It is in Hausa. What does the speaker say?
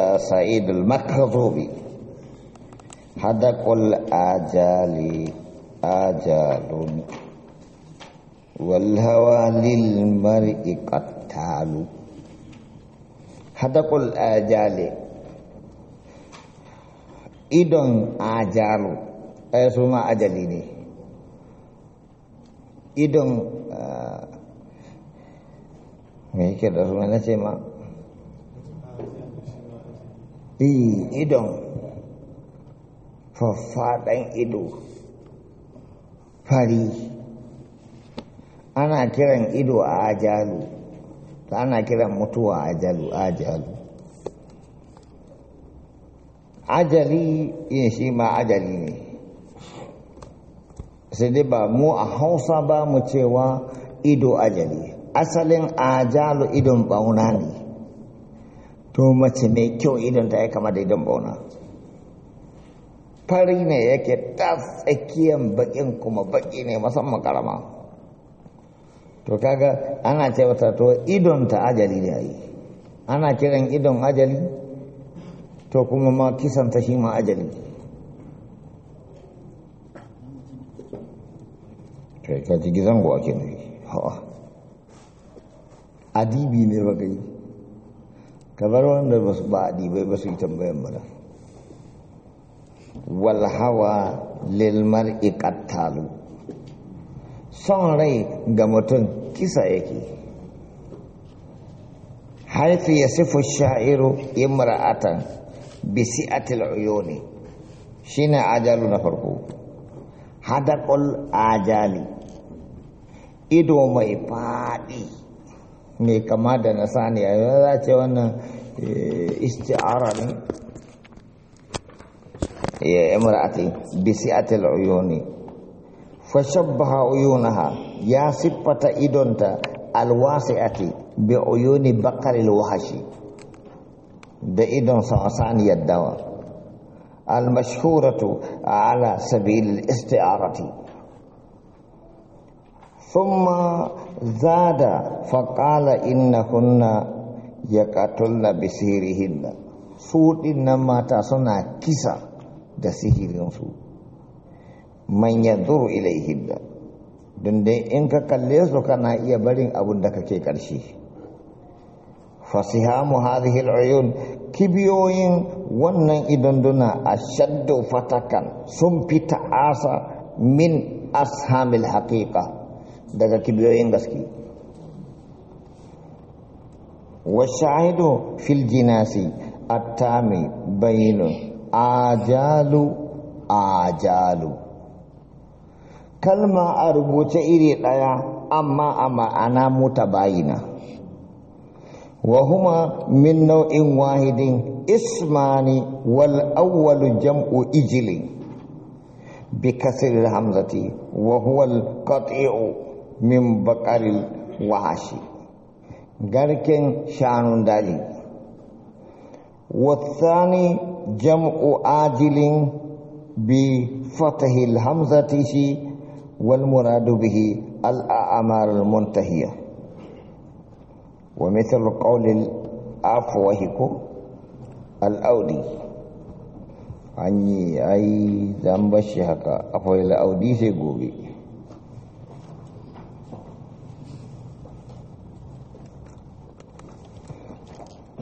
سعيد المكرضوبي حدق الآجال آجال والهوى للمرء قتال حدق الآجال إدن آجال أي سوما أجليني إدن ميكي رسولنا سيما bi idon faɗan ido fari ana kiran ido a ajalu ta ana kiran mutuwa ajalu ajalu ajali yin shi ma ajali ne sai dai ba mu a hausa ba mu cewa ido ajali asalin ajalu idon bauna ne to mace mai kyau idan ta ya kama da idan bauna fari ne yake ta tsakiyan bakin kuma baki ne musamman karama to kaga ana ce wata to idon ta ajali ne yi ana kiran idon ajali to kuma ma kisan ta shi ma ajali kai ka ji gizan ake nufi ha'a adibi ne ba yi kabar wanda ba su ba a ɗibai ba su yi tambayan ba walhawa lilmar ikattalu son rai ga mutum kisa yake haifi ya sifu sha'iru imra'atan bisi ne uyuni shine ajalu na farko hadakul ajali ido mai faɗi mai kama da na saniya za a ce wannan isti'ara ne ya imra'ati bi si'atil uyuni fa shabbaha uyunaha ya siffata idonta alwasi'ati bi uyuni bakaril wahashi da idon sa ya dawa al mashhuratu ala sabilil isti'arati ثم زاد فقال إنهن يقتلن بسيرهن سوء إنما تصنع كسا da sihirinsu man yanzuru ilaihim da don dai in ka kalle su kana iya barin abun da kake karshe fasihamu hadhihi al kibiyoyin wannan idanduna ashaddu fatakan sun fita asa min ashamil haƙiƙa. daga kibiyoyin gaske washahidu fil jinasi attami bayinu ajalu ajalu kalma a rubuce iri ɗaya amma a ma'ana mutabayina wa huma min nau'in wahidin ismani wal awwalu jam'u ijlin bi kasri hamzati wa huwa al min bakaril wahashi garken shanun daji wasani jam'u ajilin bi fatahil hamzati shi wal muradu bihi al a'mar muntahiya wa mithl qawl al afwahiku an yi ai zan bashi haka afwahil audi sai gobe